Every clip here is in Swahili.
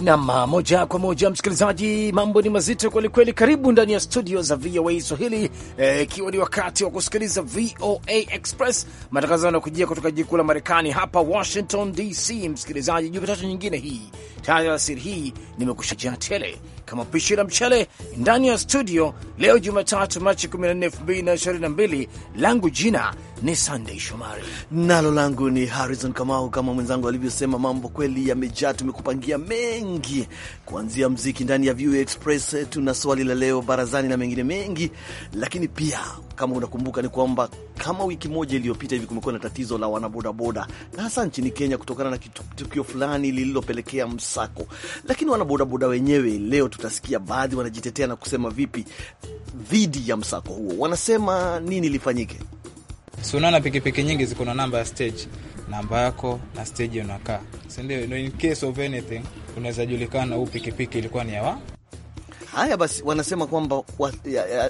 Nam moja kwa moja, msikilizaji, mambo ni mazito kwelikweli. Karibu ndani ya studio za VOA Swahili, eh, ikiwa e, ni wakati wa kusikiliza VOA Express, matangazo yanakujia kutoka jiji kuu la Marekani hapa Washington DC. Msikilizaji, Jumatatu nyingine hii tayari alasiri hii nimekushajaa tele kama pishi la mchele ndani ya studio leo Jumatatu Machi 14, 2022 langu jina ni Sunday Shomari, nalo langu ni Harrison Kamau. Kama mwenzangu alivyosema, mambo kweli yamejaa, tumekupangia mengi, kuanzia mziki ndani ya View Express. Tuna swali la leo barazani na mengine mengi, lakini pia kama unakumbuka ni kwamba kama wiki moja iliyopita hivi kumekuwa na tatizo la wanabodaboda na hasa nchini Kenya kutokana na tukio fulani lililopelekea msako. Lakini wanabodaboda wenyewe leo tutasikia baadhi wanajitetea na kusema vipi dhidi ya msako huo, wanasema nini lifanyike. Si unaona pikipiki nyingi ziko na namba ya stage, namba yako na stage unakaa, si ndio? In case of anything unaweza julikana huu pikipiki ilikuwa ni ya wa Haya basi, wanasema kwamba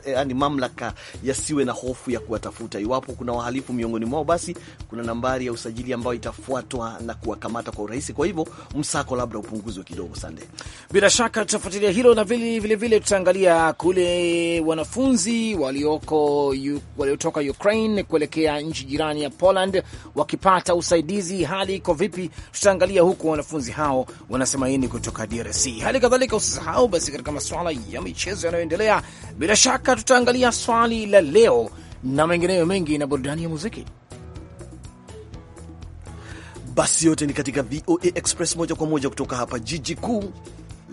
yaani mamlaka yasiwe na hofu ya kuwatafuta. Iwapo kuna wahalifu miongoni mwao, basi kuna nambari ya usajili ambayo itafuatwa na kuwakamata kwa urahisi. Kwa hivyo msako labda upunguzwe kidogo. Sande, bila shaka tutafuatilia hilo na vilevile tutaangalia kule wanafunzi walioko waliotoka Ukraine kuelekea nchi jirani ya Poland wakipata usaidizi, hali iko vipi? Tutaangalia huku wanafunzi hao wanasema nini kutoka DRC. Hali kadhalika usisahau basi katika masuala masuala ya michezo yanayoendelea. Bila shaka tutaangalia swali la leo na mengineyo mengi na burudani ya muziki. Basi yote ni katika VOA Express moja kwa moja kutoka hapa jiji kuu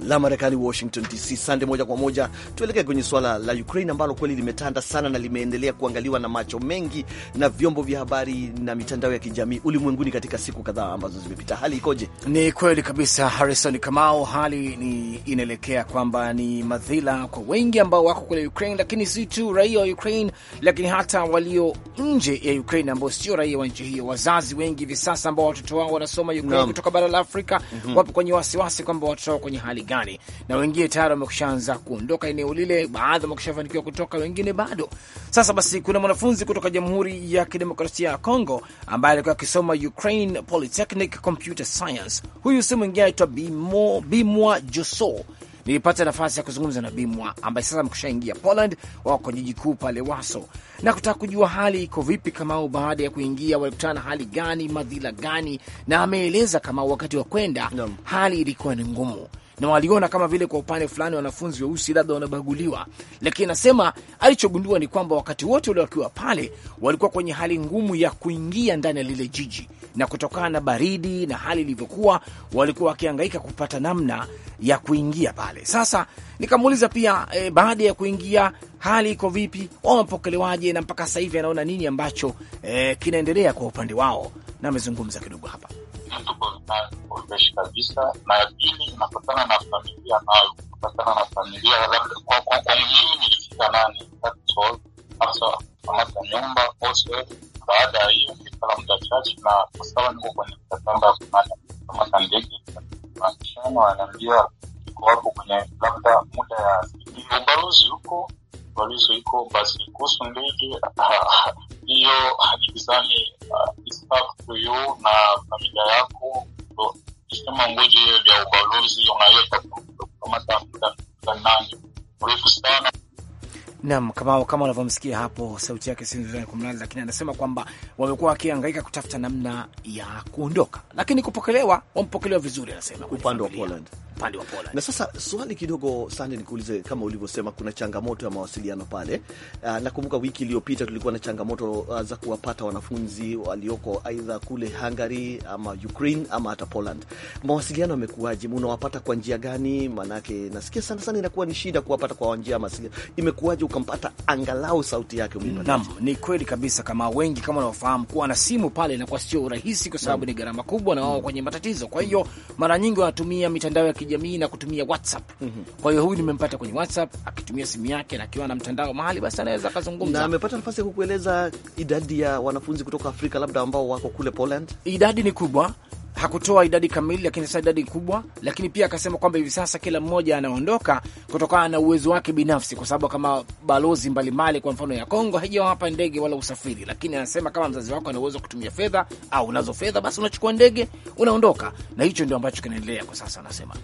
la Marekani, Washington DC. Sande moja kwa moja tuelekee kwenye suala la Ukraine ambalo kweli limetanda sana na limeendelea kuangaliwa na macho mengi na vyombo vya habari na mitandao ya kijamii ulimwenguni katika siku kadhaa ambazo zimepita. Hali ikoje? Ni kweli kabisa, Harrison Kamau, hali ni inaelekea kwamba ni madhila kwa wengi ambao wako kule Ukraine, lakini si tu raia wa Ukraine, lakini hata walio nje ya Ukraine ambao sio raia wa nchi hiyo. Wazazi wengi hivi sasa ambao watoto wao wanasoma Ukraine kutoka bara la Afrika mm -hmm. wapo kwenye wasiwasi kwamba watoto wao kwenye hali gani, na wengine tayari wamekushaanza kuondoka eneo lile, baadhi wamekushafanikiwa kutoka, wengine bado. Sasa basi, kuna mwanafunzi kutoka Jamhuri ya Kidemokrasia ya Congo ambaye alikuwa akisoma Ukraine Polytechnic Computer Science. Huyu si mwingine anaitwa Bimwa Joso. Nilipata nafasi ya kuzungumza na Bimwa ambaye sasa amekushaingia Poland, wako jiji kuu pale Waso, na kutaka kujua hali iko vipi Kamau. Baada ya kuingia walikutana na hali gani, madhila gani? Na ameeleza Kamau, wakati wa kwenda hali ilikuwa ni ngumu na waliona kama vile kwa upande fulani wanafunzi weusi labda wanabaguliwa, lakini anasema alichogundua ni kwamba wakati wote ule wakiwa pale walikuwa kwenye hali ngumu ya kuingia ndani ya lile jiji, na kutokana na baridi na hali ilivyokuwa, walikuwa wakihangaika kupata namna ya kuingia pale. Sasa nikamuuliza pia e, baada ya kuingia hali iko vipi, wamepokelewaje, na mpaka sasa hivi anaona nini ambacho e, kinaendelea kwa upande wao, na amezungumza kidogo hapa elimu tuko naolveshi kabisa, na ya pili inapatana na familia nayo inapatana na familia, labda kwa kwa mjini nilifika nani hasa kamata nyumba ose. Baada ya hiyo nikala muda chache, na kwa sababu niko kwenye mkataba ya kunana kamata ndege mashano, wanaambia iko wapo kwenye labda muda ya ubalozi huko, ubalozi iko basi kuhusu ndege hiyo hakikizani ah, ah, isafyo na familia yako sema ngoje vya ubalozi unaweza kamata nani mrefu sana. Naam, kama kama unavyomsikia hapo, sauti yake si nzuri kumlaza, lakini anasema kwamba wamekuwa wakihangaika kutafuta namna ya kuondoka, lakini kupokelewa, wampokelewa vizuri, anasema upande wa Poland, upande wa Poland. Na sasa swali kidogo sana nikuulize, kama ulivyosema, kuna changamoto ya mawasiliano pale. Uh, Nakumbuka wiki iliyopita tulikuwa na changamoto uh, za kuwapata wanafunzi walioko aidha kule Hungary ama Ukraine ama hata Poland. Mawasiliano yamekuwaje? Unawapata kwa njia gani? Maanake nasikia sana sana inakuwa ni shida kuwapata kwa njia ya mawasiliano, imekuwaje? ukampata angalau sauti yake umeipata. Naam, ni kweli kabisa, kama wengi kama wanaofahamu kuwa na simu pale inakuwa sio urahisi, kwa sababu ni gharama kubwa na wao kwenye matatizo. Kwa hiyo mara nyingi wanatumia mitandao ya kijamii na kutumia WhatsApp. Mhm. Kwa hiyo huyu nimempata kwenye WhatsApp akitumia simu yake na akiwa na mtandao mahali, basi anaweza akazungumza. Na amepata nafasi ya kukueleza idadi ya wanafunzi kutoka Afrika labda ambao wako kule Poland. Idadi ni kubwa hakutoa idadi kamili, lakini sasa idadi kubwa, lakini pia akasema kwamba hivi sasa kila mmoja anaondoka kutokana na uwezo wake binafsi, kwa sababu kama balozi mbalimbali, kwa mfano ya Kongo, haijawapa ndege wala usafiri, lakini anasema kama mzazi wako ana uwezo wa kutumia fedha au unazo fedha, basi unachukua ndege unaondoka, na hicho ndio ambacho kinaendelea kwa sasa, anasema.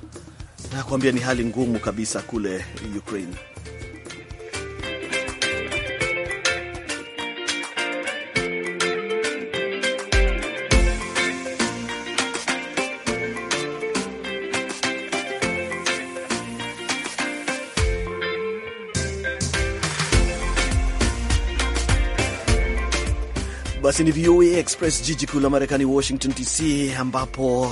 nakuambia ni hali ngumu kabisa kule Ukraine. Basi ni VOA Express, jiji kuu la Marekani, Washington DC, ambapo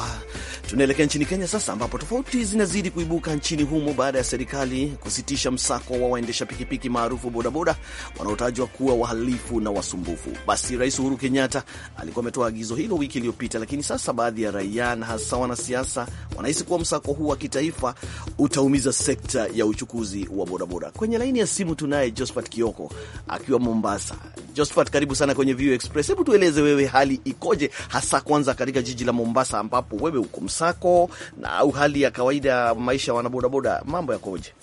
Tunaelekea nchini Kenya sasa, ambapo tofauti zinazidi kuibuka nchini humo baada ya serikali kusitisha msako wa waendesha pikipiki maarufu bodaboda wanaotajwa kuwa wahalifu na wasumbufu. Basi Rais Uhuru Kenyatta alikuwa ametoa agizo hilo wiki iliyopita, lakini sasa baadhi ya raia na hasa wanasiasa wanahisi kuwa msako huu wa kitaifa utaumiza sekta ya uchukuzi wa bodaboda. Kwenye laini ya simu tunaye Josphat Kioko akiwa Mombasa. Josphat, karibu sana kwenye VOA Express. Hebu tueleze wewe, hali ikoje, hasa kwanza katika jiji la Mombasa ambapo wewe uko sako na au hali ya kawaida maisha wanabodaboda mambo yakoje?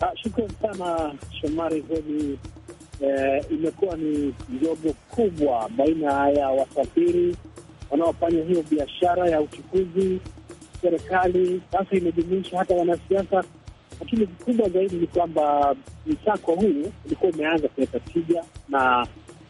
Ah, shukran sana Shomari, Zedi. eh, imekuwa ni ndogo kubwa baina ya wasafiri wanaofanya hiyo biashara ya uchukuzi. Serikali sasa imejumuisha hata wanasiasa, lakini kikubwa zaidi ni kwamba msako huu ulikuwa umeanza kuleta tija na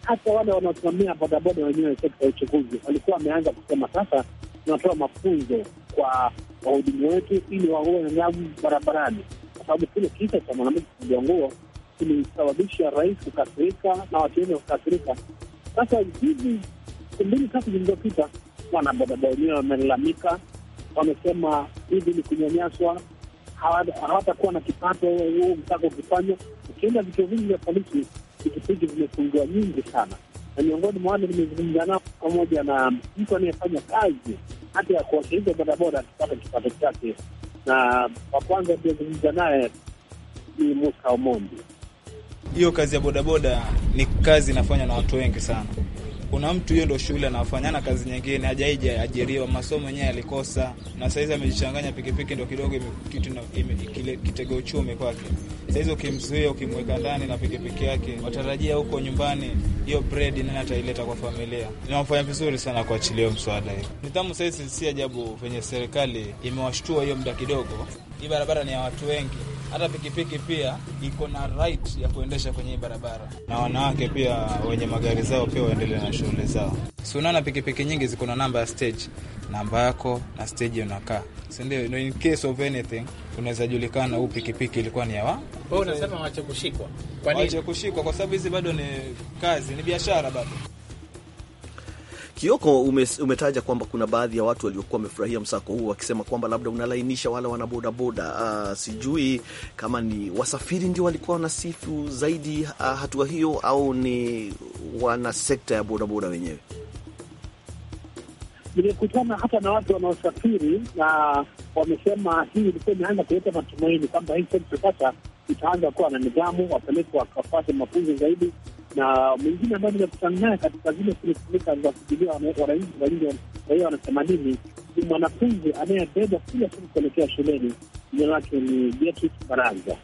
hata wale wanaosimamia bodaboda wenyewe sekta ya uchukuzi walikuwa wameanza kusema sasa tunatoa mafunzo kwa wahudumu wetu ili waue nyavu barabarani, kwa sababu kile kisa cha mwanamke kupiga nguo kilisababisha rais kukasirika na watu wengi kukasirika. Sasa hizi mbili tatu zilizopita, wanabodaboda wenyewe wamelalamika, wamesema hivi ni kunyanyaswa, hawatakuwa na kipato, huu msako ukifanywa ukienda vituo vingi vya polisi pikipiki zimefungiwa nyingi sana, na miongoni mwa wale nimezungumza nao pamoja na mtu anayefanya kazi hata ya kuwakilisha bodaboda akipata kipato chake, na wa kwanza aliyezungumza naye ni Musa Omondi. Hiyo kazi ya bodaboda ni kazi inafanywa na watu wengi sana kuna mtu hiyo ndo shule anafanyana kazi nyingine, hajaija ajiriwa, masomo yenyewe alikosa, na saizi amejichanganya pikipiki, ndo kidogo kitega uchumi kwake. Saizi ukimzuia ukimweka ndani na pikipiki yake, watarajia huko nyumbani hiyo bread nani ataileta kwa familia? Inawafanya vizuri sana kuachilia mswada hiyo nidhamu. Saizi si ajabu venye serikali imewashtua hiyo muda kidogo. Hii barabara ni ya watu wengi hata pikipiki pia iko na right ya kuendesha kwenye hii barabara, na wanawake pia wenye magari zao pia waendelee na shughuli zao. Si unaona pikipiki nyingi ziko na namba ya stage, namba yako na stage unakaa, si ndio? In case of anything unaweza julikana huu pikipiki ilikuwa ni ya wa. Wewe unasema wache kushikwa, wache kushikwa kwa sababu hizi bado ni kazi, ni biashara bado. Kioko, umetaja kwamba kuna baadhi ya watu waliokuwa wamefurahia msako huu wakisema kwamba labda unalainisha wale wanabodaboda. Uh, ah, sijui kama ni wasafiri ndio walikuwa wanasifu zaidi uh, hatua hiyo au ni wana sekta ya bodaboda wenyewe. Nimekutana hata na watu wanaosafiri na wamesema hii ilikuwa imeanza kuleta matumaini kwamba hii sekta sasa itaanza kuwa na nidhamu, wapelekwa wakapate mafunzo zaidi na mwingine ambayo nimekutana naye katika zile pilika za kupigia wananchi walinzi raia wanasema ni mwanafunzi anayebeba kila siku kuelekea shuleni. Jina lake ni Beatrice Baranza.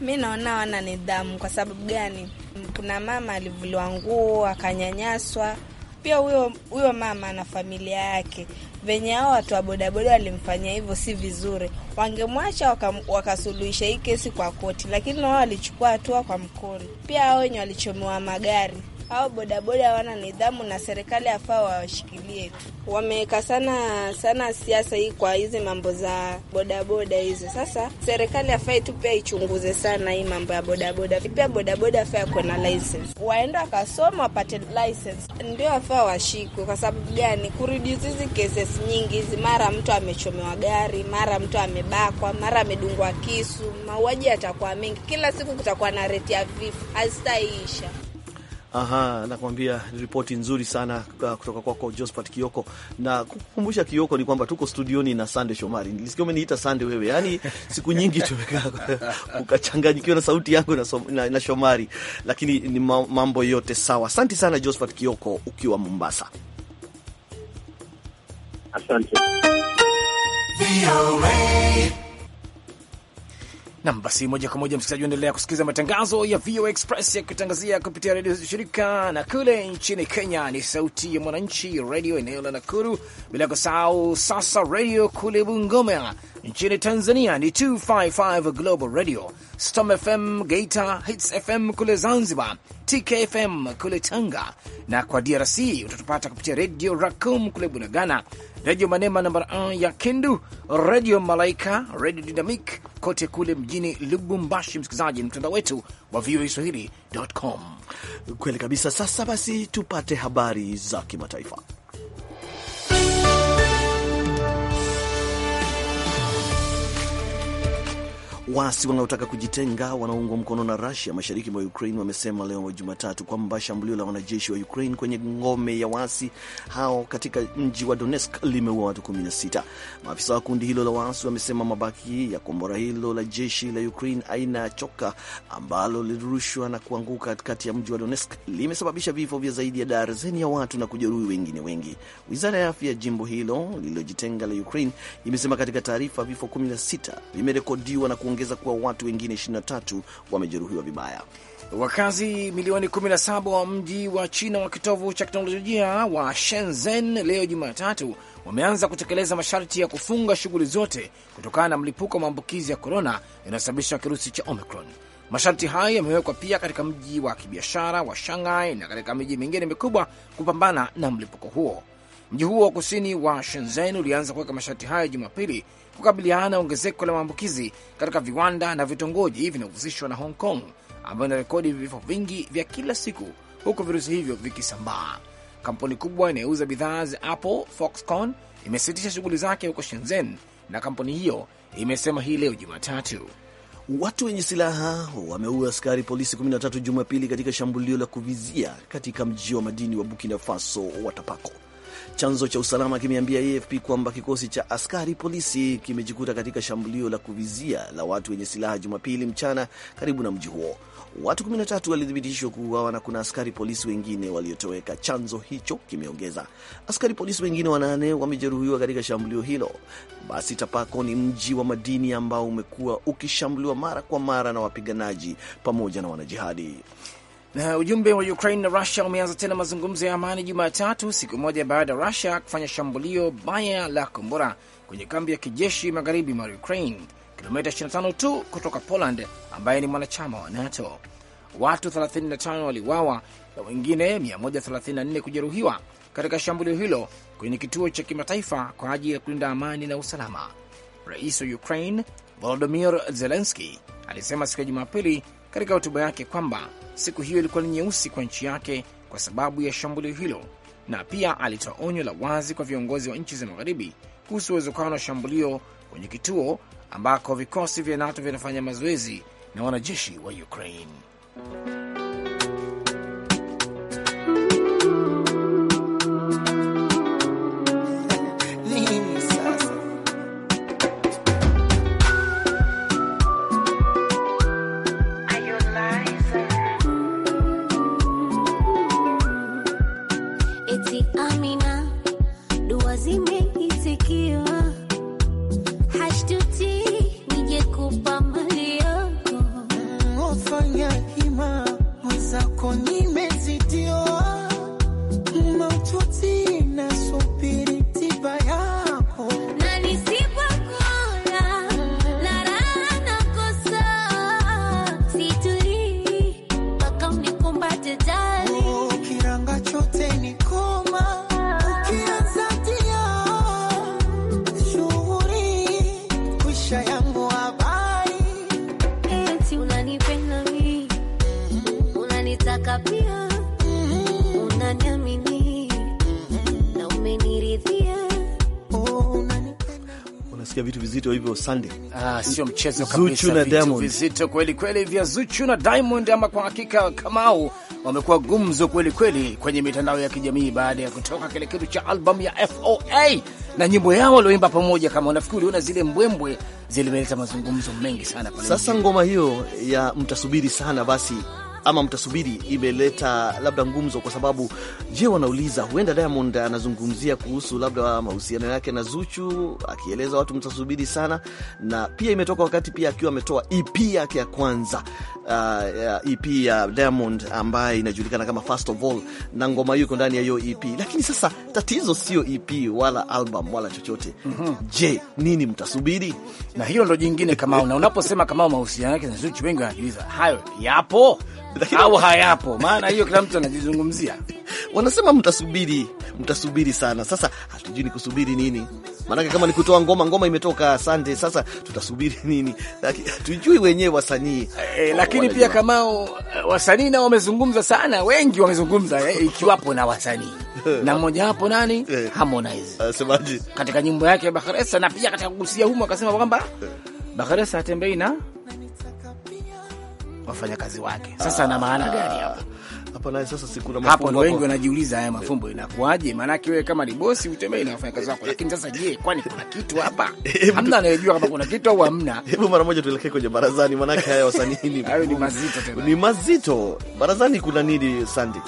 Mi naona wana nidhamu. Kwa sababu gani? Kuna mama alivuliwa nguo akanyanyaswa pia huyo huyo mama na familia yake, venye hao watu wa bodaboda walimfanyia hivyo si vizuri. Wangemwacha wakasuluhisha waka hii kesi kwa koti, lakini wao walichukua hatua kwa mkono. Pia hao wenye walichomewa magari hao bodaboda hawana nidhamu na serikali afaa wawashikilie tu. Wameweka sana sana siasa hii kwa hizi mambo za bodaboda hizo. Sasa serikali afaa tu pia ichunguze sana hii mambo ya bodaboda. Pia bodaboda afaa kuwa na license, waende wakasoma wapate license, ndio afaa washikwe. Kwa sababu gani? Kuridius hizi cases nyingi hizi, mara mtu amechomewa gari, mara mtu amebakwa, mara amedungwa kisu, mauaji yatakuwa mengi. Kila siku kutakuwa na reti ya vifo, hazitaisha. Aha, nakwambia ripoti nzuri sana uh, kutoka kwako Josphat Kioko. Na kukumbusha Kioko ni kwamba tuko studioni na Sande Shomari. Nilisikia umeniita Sande wewe, yaani siku nyingi tumekaa ukachanganyikiwa na sauti yangu na, na, na Shomari, lakini ni mambo yote sawa. Asante sana josphat Kioko ukiwa Mombasa. Asante. Nam, basi moja kwa moja msikilizaji, endelea kusikiliza matangazo ya VOA Express yakitangazia kupitia redio shirika, na kule nchini Kenya ni Sauti ya Mwananchi redio eneo la Nakuru, bila kusahau Sasa redio kule Bungoma Nchini Tanzania ni 255 Global Radio, Storm FM Geita, Hits FM kule Zanzibar, TKFM kule Tanga, na kwa DRC utatupata kupitia Redio Racom kule Bunagana, Redio Manema namba 1 ya Kindu, Redio Malaika, Redio Dynamic kote kule mjini Lubumbashi. Msikilizaji, ni mtandao wetu wa VOA Swahili.com. Kweli kabisa. Sasa basi tupate habari za kimataifa. Waasi wanaotaka kujitenga wanaungwa mkono na Rusia mashariki mwa Ukraine wamesema leo Jumatatu kwamba shambulio la wanajeshi wa Ukraine kwenye ngome ya waasi hao katika mji wa Donetsk limeua watu 16. Maafisa wa kundi hilo la waasi wamesema mabaki ya kombora hilo la jeshi la Ukraine aina ya choka ambalo lilirushwa na kuanguka katikati ya mji wa Donetsk limesababisha vifo vya zaidi ya darzeni ya watu na kujeruhi wengine wengi. Wizara ya afya ya jimbo hilo lililojitenga la Ukraine imesema katika taarifa vifo 16 vimerekodiwa na kuongeza kuwa watu wengine 23 wamejeruhiwa vibaya. Wakazi milioni 17 wa mji wa China wa kitovu cha teknolojia wa Shenzhen leo Jumatatu wameanza kutekeleza masharti ya kufunga shughuli zote kutokana na mlipuko wa maambukizi ya korona yanayosababishwa na kirusi cha Omicron. Masharti hayo yamewekwa pia katika mji wa kibiashara wa Shanghai na katika miji mingine mikubwa kupambana na mlipuko huo. Mji huo wa kusini wa Shenzhen ulianza kuweka masharti hayo Jumapili kukabiliana na ongezeko la maambukizi katika viwanda na vitongoji vinavyohusishwa na Hong Kong ambayo inarekodi vifo vingi vya kila siku huku virusi hivyo vikisambaa. Kampuni kubwa inayouza bidhaa za Apple, Foxconn, imesitisha shughuli zake huko Shenzhen na kampuni hiyo imesema hii leo Jumatatu watu wenye silaha wameua askari polisi 13 Jumapili katika shambulio la kuvizia katika mji wa madini wa Burkina Faso wa Tapako. Chanzo cha usalama kimeambia AFP kwamba kikosi cha askari polisi kimejikuta katika shambulio la kuvizia la watu wenye silaha Jumapili mchana karibu na mji huo. Watu 13 walithibitishwa kuuawa na kuna askari polisi wengine waliotoweka, chanzo hicho kimeongeza. Askari polisi wengine wanane wamejeruhiwa katika shambulio hilo. Basi Tapako ni mji wa madini ambao umekuwa ukishambuliwa mara kwa mara na wapiganaji pamoja na wanajihadi. Na ujumbe wa Ukraine na Rusia umeanza tena mazungumzo ya amani Jumatatu, siku moja baada ya Rusia kufanya shambulio baya la kombora kwenye kambi ya kijeshi magharibi mwa Ukraine, kilomita 25 tu kutoka Poland ambaye ni mwanachama wa NATO. Watu 35 waliuawa na wengine 134 kujeruhiwa katika shambulio hilo kwenye kituo cha kimataifa kwa ajili ya kulinda amani na usalama. Rais wa Ukraine Volodymyr Zelensky alisema siku ya Jumapili katika hotuba yake kwamba siku hiyo ilikuwa ni nyeusi kwa nchi yake kwa sababu ya shambulio hilo, na pia alitoa onyo la wazi kwa viongozi wa nchi za magharibi kuhusu uwezekano wa shambulio kwenye kituo ambako vikosi vya NATO vinafanya mazoezi na wanajeshi wa Ukraine. Sunday. Ah, sio mchezo kabisa. Zuchu na vizito kweli kweli vya Zuchu na Diamond, ama kwa hakika Kamau wamekuwa gumzo kweli kweli kwenye mitandao ya kijamii baada ya kutoka kile kitu cha albamu ya FOA na nyimbo yao walioimba pamoja. Kama unafikiri uliona zile mbwembwe zilimeleta mazungumzo mengi sana pale. Sasa ngoma hiyo ya mtasubiri sana basi ama mtasubiri imeleta labda ngumzo, kwa sababu je, wanauliza huenda Diamond anazungumzia kuhusu labda mahusiano yake na Zuchu, akieleza watu mtasubiri sana, na pia imetoka wakati pia akiwa ametoa EP yake ya kwanza uh, EP ya Diamond ambaye inajulikana kama First of All, na ngoma hiyo iko ndani ya hiyo EP. Lakini sasa tatizo sio EP wala album wala chochote mm -hmm. Je, nini mtasubiri? Na hilo ndo jingine kama unaposema kama mahusiano yake na Zuchu, wengi wanajiuliza hayo yapo au hayapo? Maana hiyo kila mtu anajizungumzia. Wanasema mtasubiri, mtasubiri sana. Sasa hatujui ni kusubiri nini, maanake kama ni kutoa ngoma, ngoma imetoka, asante. Sasa tutasubiri nini? Tujui wenyewe wasanii e, lakini pia kama eh, wasanii nao wamezungumza sana, wengi wamezungumza e, ikiwapo na wasanii na mmoja wapo nani, e, Harmonize asemaje katika nyimbo yake Bakhresa, na pia katika kugusia humo akasema kwamba Bakhresa atembei na wafanyakazi wake. Sasa ana maana ah. gani hapo? Hapo na sasa si kuna mafumbo hapo, wengi wanajiuliza haya mafumbo inakuaje? Maanake wewe kama ni bosi utembei na wafanyakazi wako, lakini sasa je, kwani kuna kitu hapa? Hamna anayejua kama kuna kitu au hamna. Hebu mara moja tuelekee kwenye barazani, maanake haya wasanii ni hayo ni mazito tena, ni mazito. Barazani kuna nini Sandy?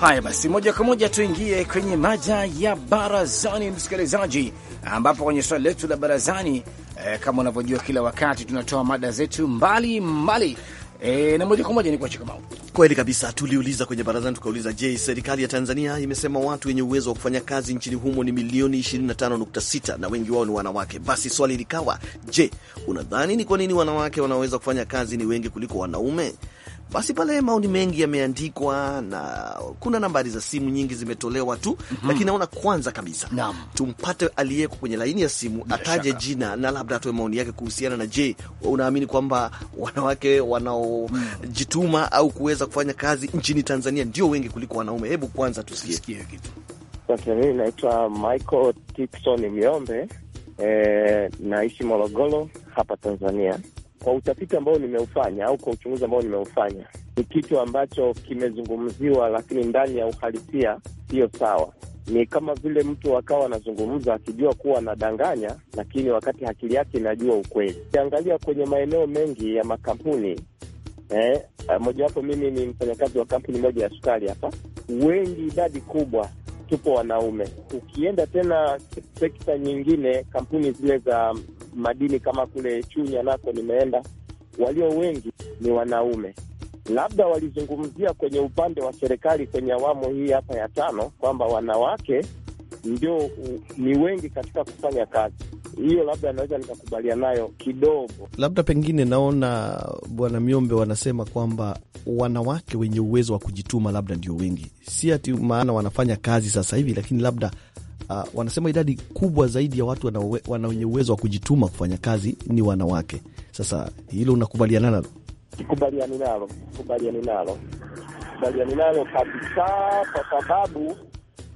Haya basi, moja kwa moja tuingie kwenye maja ya barazani, msikilizaji, ambapo kwenye swali letu la barazani eh, kama unavyojua kila wakati tunatoa mada zetu mbali mbali E, na moja kwa moja ni kwa Chikamau. Kweli kabisa, tuliuliza kwenye barazani, tukauliza je, serikali ya Tanzania imesema watu wenye uwezo wa kufanya kazi nchini humo ni milioni 25.6 na wengi wao ni wanawake. Basi swali likawa, je, unadhani ni kwa nini wanawake wanaweza kufanya kazi ni wengi kuliko wanaume? Basi pale maoni mengi yameandikwa na kuna nambari za simu nyingi zimetolewa tu mm -hmm. Lakini naona kwanza kabisa Naam. tumpate aliyeko kwenye laini ya simu ataje jina na labda atoe maoni yake kuhusiana na je, unaamini kwamba wanawake wanaojituma mm. au kuweza kufanya kazi nchini Tanzania ndio wengi kuliko wanaume? Hebu kwanza tusikie kitu. Sasa mimi naitwa Michael Tikson Miombe, eh, naishi Morogoro hapa Tanzania. Kwa utafiti ambao nimeufanya au kwa uchunguzi ambao nimeufanya, ni kitu ambacho kimezungumziwa, lakini ndani ya uhalisia siyo sawa. Ni kama vile mtu akawa anazungumza akijua kuwa anadanganya, lakini wakati akili yake inajua ukweli. Ukiangalia kwenye maeneo mengi ya makampuni eh, mojawapo mimi ni mfanyakazi wa kampuni moja ya sukari hapa, wengi, idadi kubwa tupo wanaume. Ukienda tena sekta nyingine, kampuni zile za madini kama kule Chunya nako nimeenda, walio wengi ni wanaume. Labda walizungumzia kwenye upande wa serikali kwenye awamu hii hapa ya tano kwamba wanawake ndio ni wengi katika kufanya kazi hiyo, labda anaweza nikakubalia nayo kidogo. Labda pengine naona Bwana Miombe wanasema kwamba wanawake wenye uwezo wa kujituma labda ndio wengi, si ati maana wanafanya kazi sasa hivi, lakini labda uh, wanasema idadi kubwa zaidi ya watu wana wenye uwezo wa kujituma kufanya kazi ni wanawake. Sasa hilo unakubaliana nalo? Kubaliani nalo, kubaliani nalo, kubaliani nalo kabisa, kwa sababu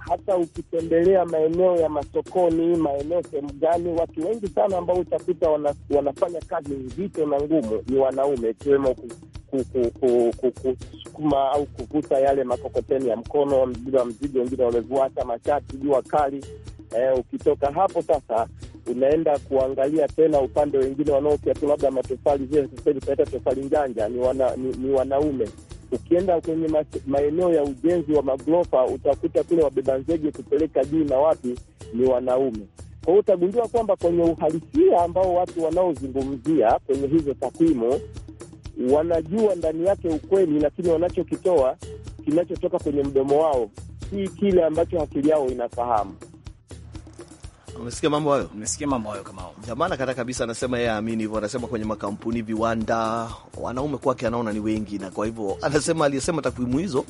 hata ukitembelea maeneo ya masokoni, maeneo sehemu gani, watu wengi sana ambao utakuta wana, wanafanya kazi nzito na ngumu ni wanaume, ikiwemo kusukuma au kuvuta yale makokoteni ya mkono bila mzigo. Wengine wamevua hata mashati jua kali. Eh, ukitoka hapo sasa unaenda kuangalia tena upande wengine wanaofyatu labda matofali zile, sasa hivi tunaita tofali njanja, ni, wana, ni, ni wanaume Ukienda kwenye maeneo ya ujenzi wa maglofa utakuta kule wabeba nzege kupeleka juu na wapi ni wanaume. Kwa hiyo utagundua kwamba kwenye uhalisia ambao watu wanaozungumzia kwenye hizo takwimu wanajua ndani yake ukweli, lakini wanachokitoa kinachotoka kwenye mdomo wao si kile ambacho akili yao inafahamu. Umesikia mambo hayo? Umesikia mambo hayo kama hao. Jamaa nakata kabisa, anasema yeye aamini hivyo, anasema kwenye makampuni, viwanda, wanaume kwake anaona ni wengi, na kwa hivyo anasema aliyesema takwimu hizo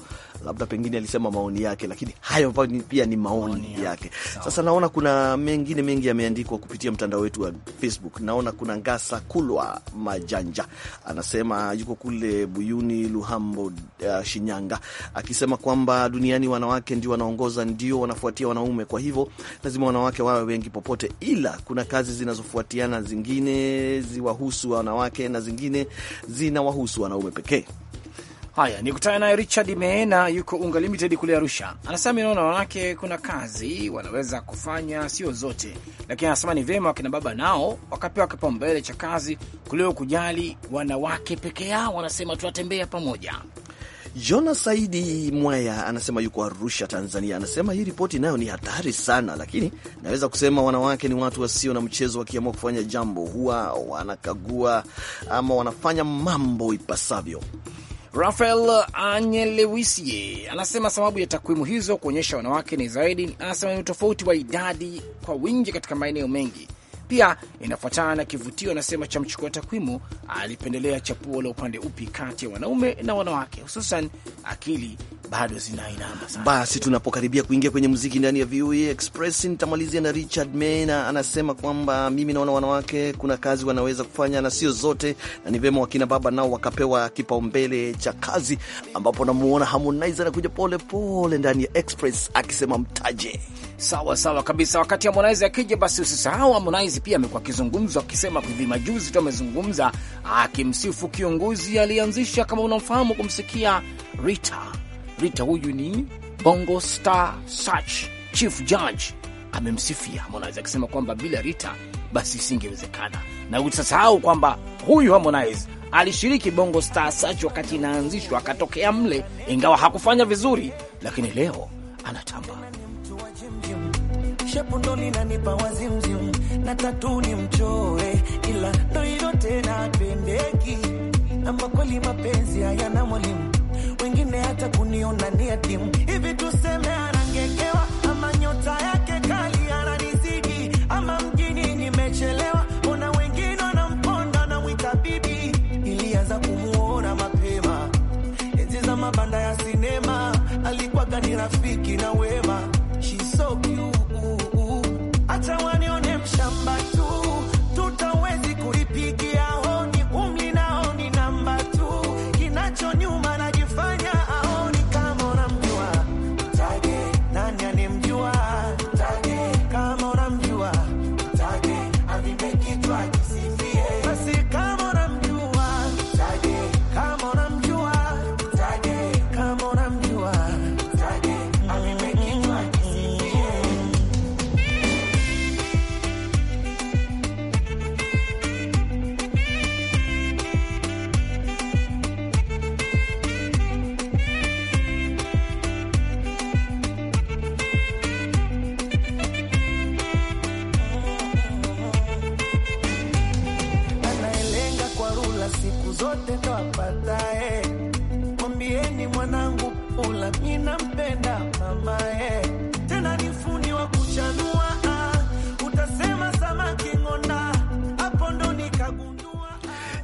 labda pengine alisema maoni yake, lakini hayo pia ni maoni, maoni yake. Sasa naona kuna mengine mengi yameandikwa kupitia mtandao wetu wa Facebook. Naona kuna Ngasa Kulwa Majanja anasema yuko kule Buyuni Luhambo, uh, Shinyanga, akisema kwamba duniani wanawake ndio wanaongoza, ndio wanafuatia wanaume, kwa hivyo lazima wanawake wawe wengi popote, ila kuna kazi zinazofuatiana, zingine ziwahusu wanawake na zingine zinawahusu wanaume pekee. Haya, nikutana naye Richard Meena, yuko Unga Limited kule Arusha. Anasema mi naona wanawake kuna kazi wanaweza kufanya, sio zote, lakini anasema ni vyema wakina baba nao wakapewa kipaumbele cha kazi kuliko kujali wanawake peke yao. Wanasema tunatembea pamoja Jonas Saidi Mwaya anasema yuko Arusha, Tanzania. Anasema hii ripoti nayo ni hatari sana, lakini naweza kusema wanawake ni watu wasio na mchezo. Wakiamua kufanya jambo, huwa wanakagua ama wanafanya mambo ipasavyo. Rafael Anyelewisie anasema sababu ya takwimu hizo kuonyesha wanawake ni zaidi, anasema ni utofauti wa idadi kwa wingi katika maeneo mengi pia inafuatana na kivutio, anasema cha mchukua takwimu alipendelea chapuo la upande upi kati ya wanaume na wanawake, hususan akili bado zinainama sana. Basi tunapokaribia kuingia kwenye muziki ndani ya VOA e Express, nitamalizia na Richard Mena, anasema kwamba mimi naona wanawake kuna kazi wanaweza kufanya na sio zote, na ni vyema wakina baba nao wakapewa kipaumbele cha kazi, ambapo namuona Harmonize anakuja pole pole ndani ya Express akisema mtaje. Sawa sawa kabisa, wakati Harmonize akija basi usisahau Harmonize Mapinduzi pia amekuwa akizungumzwa akisema, hivi majuzi tu amezungumza akimsifu kiongozi aliyeanzisha kama unamfahamu kumsikia Rita Rita, huyu ni Bongo Star Search Chief Judge, amemsifia Harmonize akisema kwamba bila Rita basi isingewezekana, na utasahau kwamba huyu Harmonize alishiriki Bongo Star Search wakati inaanzishwa, akatokea mle, ingawa hakufanya vizuri, lakini leo anatamba shepu ndo pa wazimzimu na tatu ni mchoe, ila ndo hilo tena pendeki, ama kweli mapenzi hayana mwalimu, wengine hata kuniona ni atimu hivi tuseme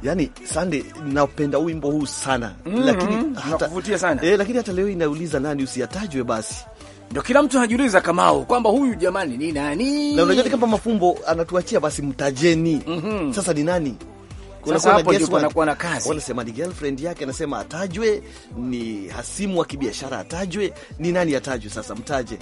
yani Sande, napenda wimbo huu sana mm -hmm. Lakini mhm, hata, sana. Eh, lakini hata leo inauliza nani usiyatajwe basi ndio kila mtu anajiuliza Kamau kwamba huyu jamani ni nani, na unajua kama Mafumbo anatuachia basi mtajeni. mm -hmm. Sasa ni nani? Wanasema ni girlfriend yake, anasema atajwe, ni hasimu wa kibiashara atajwe, ni nani atajwe? Sasa mtaje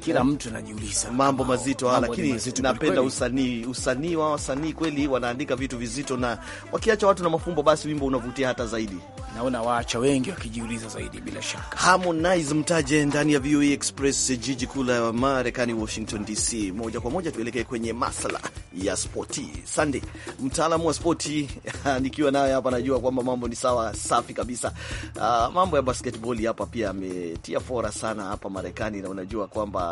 kila mtu anajiuliza mambo mazito haya, lakini napenda usanii. Usanii wa wasanii kweli, wanaandika vitu vizito, na wakiacha watu na mafumbo, basi wimbo unavutia hata zaidi. Naona waacha wengi wakijiuliza zaidi. Bila shaka, Harmonize mtaje ndani ya VOA e Express, jiji kuu la Marekani, Washington DC. Moja kwa moja tuelekee kwenye masala ya spoti. Sunday, mtaalamu wa spoti nikiwa naye hapa, najua kwamba mambo ni sawa safi kabisa. Uh, mambo ya basketball hapa pia ametia fora sana hapa Marekani, na unajua kwamba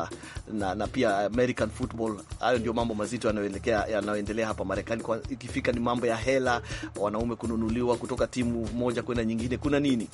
na, na, pia American football. Hayo ndio mambo mazito yanayoelekea yanayoendelea hapa Marekani kwa ikifika ni mambo ya hela, wanaume kununuliwa kutoka timu moja kwenda nyingine, kuna nini?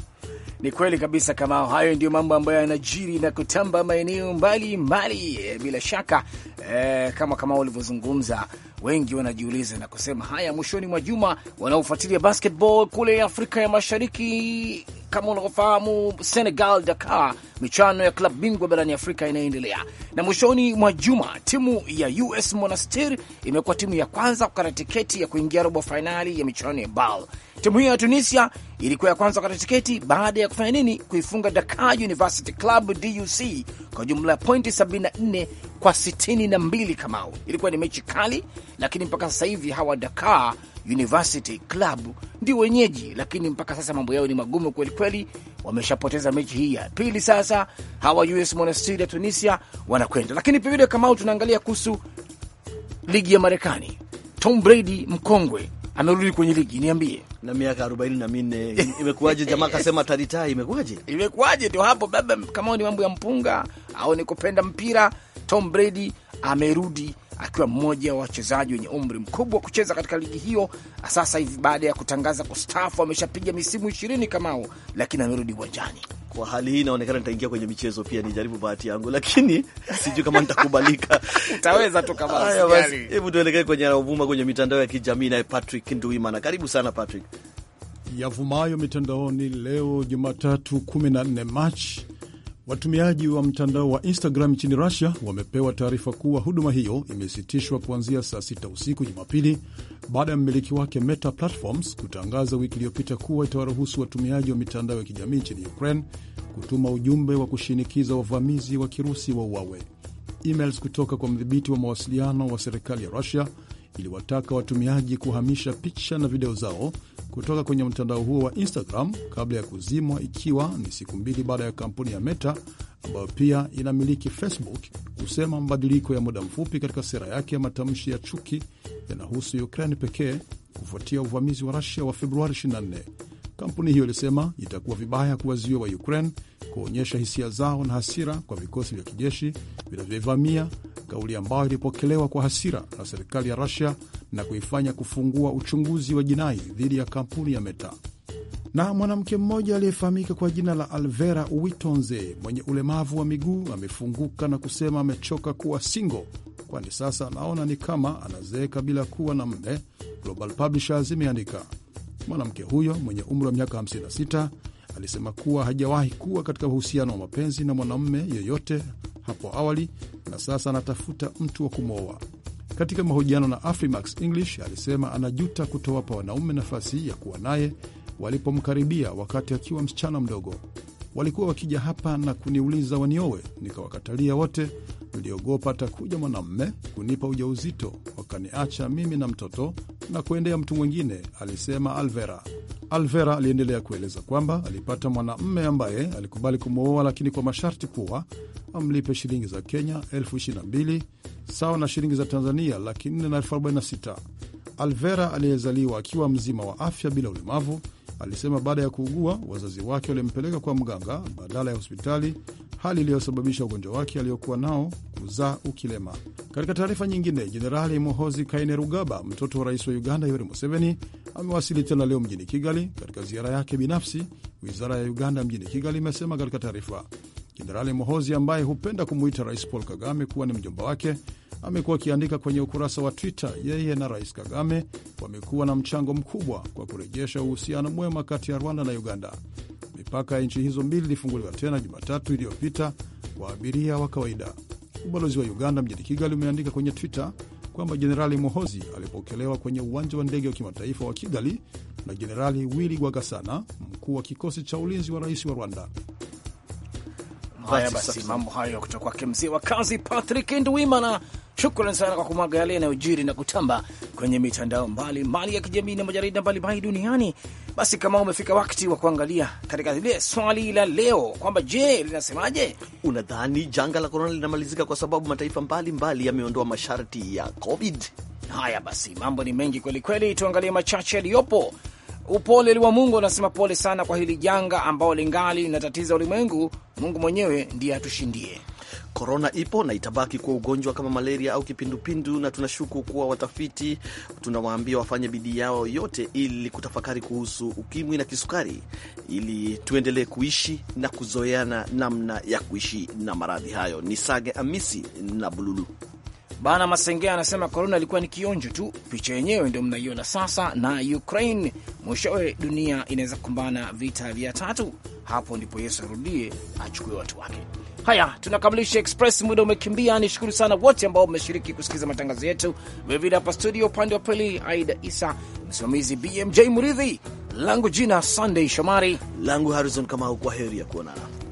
Ni kweli kabisa, kama hayo ndio mambo ambayo yanajiri na kutamba maeneo mbalimbali, eh, bila shaka eh, kama kama ulivyozungumza wengi wanajiuliza na kusema haya. Mwishoni mwa juma, wanaofuatilia basketball kule Afrika ya Mashariki, kama unavyofahamu, Senegal Dakar, michano ya klabu bingwa barani Afrika inayoendelea. Na mwishoni mwa juma, timu ya US Monastir imekuwa timu ya kwanza kukata tiketi ya kuingia robo fainali ya michano ya BAL Timu hiyo ya Tunisia ilikuwa ya kwanza kata tiketi baada ya kufanya nini, kuifunga Dakar University Club DUC kwa jumla ya pointi 74 kwa 62. Kamao ilikuwa ni mechi kali, lakini mpaka sasa hivi hawa Dakar University Club ndio wenyeji, lakini mpaka sasa mambo yao ni magumu kwelikweli. Wameshapoteza mechi hii ya pili. Sasa hawa US Monastir ya Tunisia wanakwenda, lakini pivile Kamao tunaangalia kuhusu ligi ya Marekani. Tom Brady mkongwe amerudi kwenye ligi, niambie. Na miaka arobaini na minne imekuwaje? Jamaa kasema taritai, imekuwaje? Imekuwaje? Ndio hapo baba, kama ni mambo ya mpunga au ni kupenda mpira, Tom Brady amerudi akiwa mmoja wa wachezaji wenye umri mkubwa kucheza katika ligi hiyo sasa hivi, baada ya kutangaza kustaafu. Ameshapiga misimu ishirini kamao, lakini amerudi uwanjani. Kwa hali hii inaonekana nitaingia kwenye michezo pia, nijaribu bahati yangu, lakini sijui kama nitakubalika. Utaweza tu kama Basi hebu tuelekee kwenye anaovuma kwenye mitandao ya kijamii, naye Patrick Nduimana. Karibu sana Patrick. Yavumayo mitandaoni leo Jumatatu 14 Machi Watumiaji wa mtandao wa Instagram nchini Russia wamepewa taarifa kuwa huduma hiyo imesitishwa kuanzia saa sita usiku Jumapili baada ya mmiliki wake Meta Platforms kutangaza wiki iliyopita kuwa itawaruhusu watumiaji wa mitandao ya kijamii nchini Ukraine kutuma ujumbe wa kushinikiza wavamizi wa Kirusi wa uawe. Emails kutoka kwa mdhibiti wa mawasiliano wa serikali ya Russia iliwataka watumiaji kuhamisha picha na video zao kutoka kwenye mtandao huo wa Instagram kabla ya kuzimwa, ikiwa ni siku mbili baada ya kampuni ya Meta ambayo pia inamiliki Facebook kusema mabadiliko ya muda mfupi katika sera yake ya matamshi ya chuki yanahusu Ukraine pekee kufuatia uvamizi wa Rusia wa Februari 24. Kampuni hiyo ilisema itakuwa vibaya kuwazuia wa Ukraine kuonyesha hisia zao na hasira kwa vikosi vya kijeshi vinavyoivamia, kauli ambayo ilipokelewa kwa hasira na serikali ya Rusia na kuifanya kufungua uchunguzi wa jinai dhidi ya kampuni ya Meta. Na mwanamke mmoja aliyefahamika kwa jina la Alvera Witonze mwenye ulemavu wa miguu amefunguka na kusema amechoka kuwa single, kwani sasa anaona ni kama anazeeka bila kuwa na mme. Global Publishers imeandika mwanamke huyo mwenye umri wa miaka 56 alisema kuwa hajawahi kuwa katika uhusiano wa mapenzi na mwanamume yeyote hapo awali na sasa anatafuta mtu wa kumwoa. Katika mahojiano na Afrimax English alisema anajuta kutowapa wanaume nafasi ya kuwa naye walipomkaribia wakati akiwa msichana mdogo. Walikuwa wakija hapa na kuniuliza waniowe, nikawakatalia wote. Niliogopa atakuja mwanamme kunipa ujauzito, wakaniacha mimi na mtoto na kuendea mtu mwingine, alisema Alvera. Alvera aliendelea kueleza kwamba alipata mwanamme ambaye alikubali kumwoa, lakini kwa masharti kuwa amlipe shilingi za Kenya elfu ishirini na mbili sawa na shilingi za Tanzania laki 4 na elfu Alvera aliyezaliwa akiwa mzima wa afya bila ulemavu alisema baada ya kuugua wazazi wake walimpeleka kwa mganga badala ya hospitali, hali iliyosababisha ugonjwa wake aliyokuwa nao kuzaa ukilema. Katika taarifa nyingine, Jenerali mohozi Kainerugaba, mtoto wa rais wa Uganda Yoweri Museveni, amewasili tena leo mjini Kigali katika ziara yake binafsi, wizara ya Uganda mjini Kigali imesema katika taarifa. Jenerali Mohozi ambaye hupenda kumwita Rais Paul Kagame kuwa ni mjomba wake amekuwa akiandika kwenye ukurasa wa Twitter yeye na Rais Kagame wamekuwa na mchango mkubwa kwa kurejesha uhusiano mwema kati ya Rwanda na Uganda. Mipaka ya nchi hizo mbili ilifunguliwa tena Jumatatu iliyopita kwa abiria wa kawaida. Ubalozi wa Uganda mjini Kigali umeandika kwenye Twitter kwamba Jenerali Mohozi alipokelewa kwenye uwanja wa ndege wa kimataifa wa Kigali na Jenerali Willy gwagasana mkuu wa kikosi cha ulinzi wa rais wa Rwanda. Haya basi, mambo hayo kutoka kwake mzee wa kazi Patrick Ndwimana. shukran sana kwa kumwaga yale yanayojiri na kutamba kwenye mitandao mbalimbali ya kijamii na majarida mbalimbali duniani. Basi kama umefika wakati wa kuangalia katika lile swali la leo kwamba je, linasemaje? Unadhani janga la korona linamalizika kwa sababu mataifa mbalimbali yameondoa masharti ya COVID? Haya basi, mambo ni mengi kwelikweli, tuangalie machache yaliyopo upole liwa Mungu anasema pole sana kwa hili janga ambao lingali linatatiza ulimwengu. Mungu mwenyewe ndiye atushindie. Korona ipo na itabaki kuwa ugonjwa kama malaria au kipindupindu, na tunashuku kuwa watafiti tunawaambia wafanye bidii yao yote ili kutafakari kuhusu ukimwi na kisukari, ili tuendelee kuishi na kuzoeana namna ya kuishi na maradhi hayo. Ni Sage Amisi na Bululu. Bana Masengea anasema korona ilikuwa ni kionjo tu, picha yenyewe ndio mnaiona sasa, na Ukraine mwishowe dunia inaweza kukumbana vita vya tatu. Hapo ndipo Yesu arudie achukue watu wake. Haya, tunakamilisha Express, muda umekimbia. Ni shukuru sana wote ambao mmeshiriki kusikiliza matangazo yetu, vilevile hapa studio, upande wa pili Aida Isa, msimamizi BMJ Muridhi, langu jina Sunday Shomari, langu Harrison Kamau, kwa heri ya kuonana.